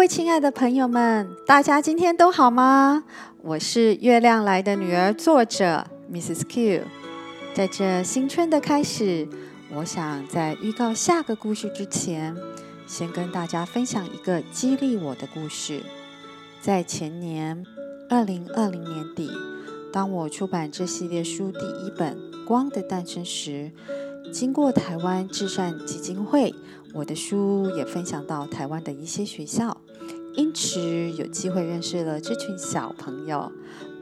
各位親愛的朋友們，大家今天都好嗎？我是月亮來的女兒，作者 Mrs. Q。在這新春的開始，我想在預告下個故事之前，先跟大家分享一個激勵我的故事。在前年，二零二零年底，當我出版這系列書第一本《光的誕生》時，經過台灣至善基金會，我的書也分享到台灣的一些學校，因此有機會認識了這群小朋友。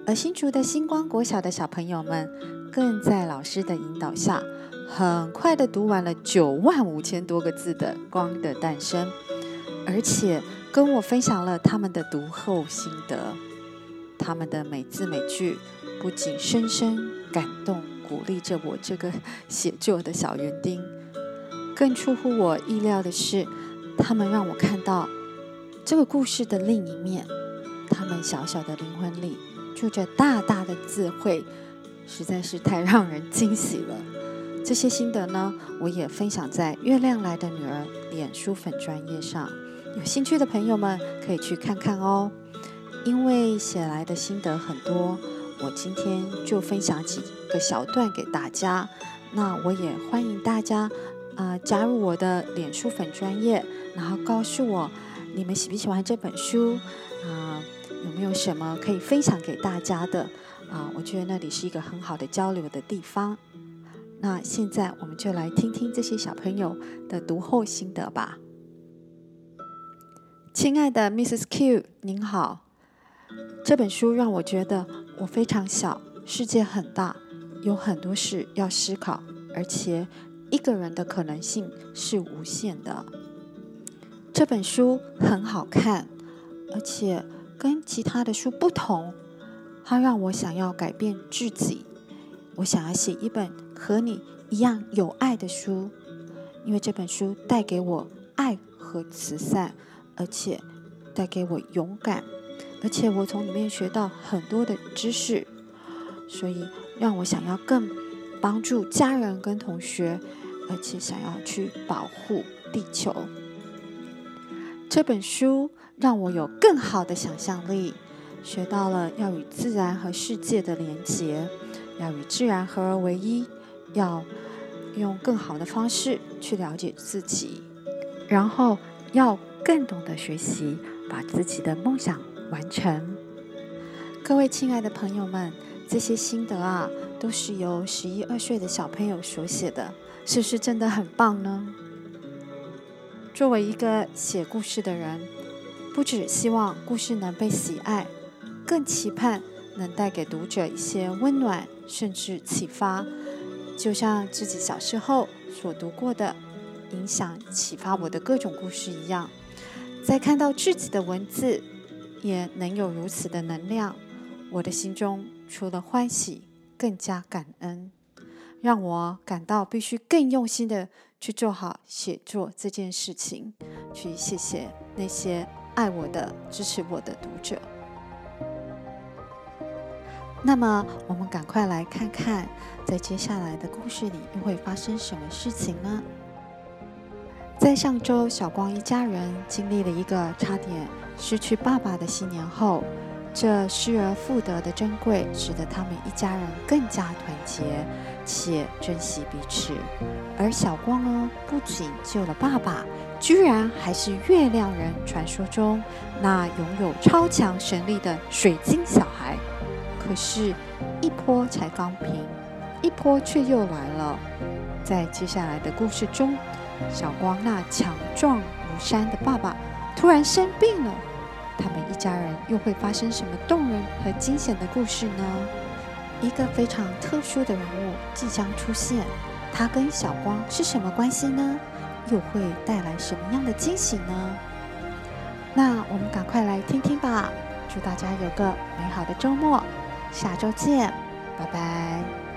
而新竹的星光國小的小朋友們，更在老師的引導下，很快的讀完了九萬五千多個字的《光的誕生》，而且跟我分享了他們的讀後心得。他們的每字每句，不僅深深感動鼓勵着我這個寫作的小園丁。更出乎我意料的是，他們讓我看到這個故事的另一面。他們小小的靈魂裡住着大大的智慧，實在是太讓人驚喜了。這些心得呢，我也分享在《月亮來的女兒》臉書粉專頁上，有興趣的朋友們可以去看看哦。因為寫來的心得很多。我今天就分享幾個小段給大家。那我也歡迎大家啊、呃、加入我的臉書粉專頁，然後告訴我你們喜不喜歡這本書啊、呃？有沒有什麼可以分享給大家的啊、呃？我覺得那裡是一個很好的交流的地方。那現在我們就來聽聽這些小朋友的讀後心得吧。親愛的 Mrs. Q，您好，這本書讓我覺得。我非常小，世界很大，有很多事要思考，而且一個人的可能性是無限的。這本書很好看，而且跟其他的書不同，它讓我想要改變自己。我想要寫一本和你一樣有愛的書，因為這本書帶給我愛和慈善，而且帶給我勇敢。而且我從裡面學到很多的知識，所以讓我想要更幫助家人跟同學，而且想要去保護地球。這本書讓我有更好的想象力，學到了要與自然和世界的聯結，要與自然合而為一，要用更好的方式去了解自己，然後要更懂得學習，把自己的夢想。完成。各位親愛的朋友們，這些心得啊，都是由十一二歲的小朋友所寫的，是不是真的很棒呢？作為一個寫故事的人，不只希望故事能被喜愛，更期盼能帶給讀者一些溫暖，甚至啟發，就像自己小時候所讀過的、影響啟發我的各種故事一樣，在看到自己的文字。也能有如此的能量，我的心中除了歡喜，更加感恩，讓我感到必須更用心地去做好寫作這件事情，去謝謝那些愛我的、支持我的讀者。那麼，我們趕快來看看，在接下來的故事裡又會發生什麼事情呢？在上週，小光一家人經歷了一個差點失去爸爸的新年後，這失而復得的珍貴，使得他們一家人更加團結且珍惜彼此。而小光呢，不僅救了爸爸，居然還是月亮人傳說中那擁有超強神力的水晶小孩。可是，一波才剛平，一波卻又來了。在接下來的故事中，小光那強壯如山的爸爸突然生病了，他們一家人又會發生什麼動人和驚險的故事呢？一個非常特殊的人物即將出現，他跟小光是什麼關係呢？又會帶來什麼樣的驚喜呢？那我們趕快來聽聽吧！祝大家有個美好的週末，下週見，拜拜。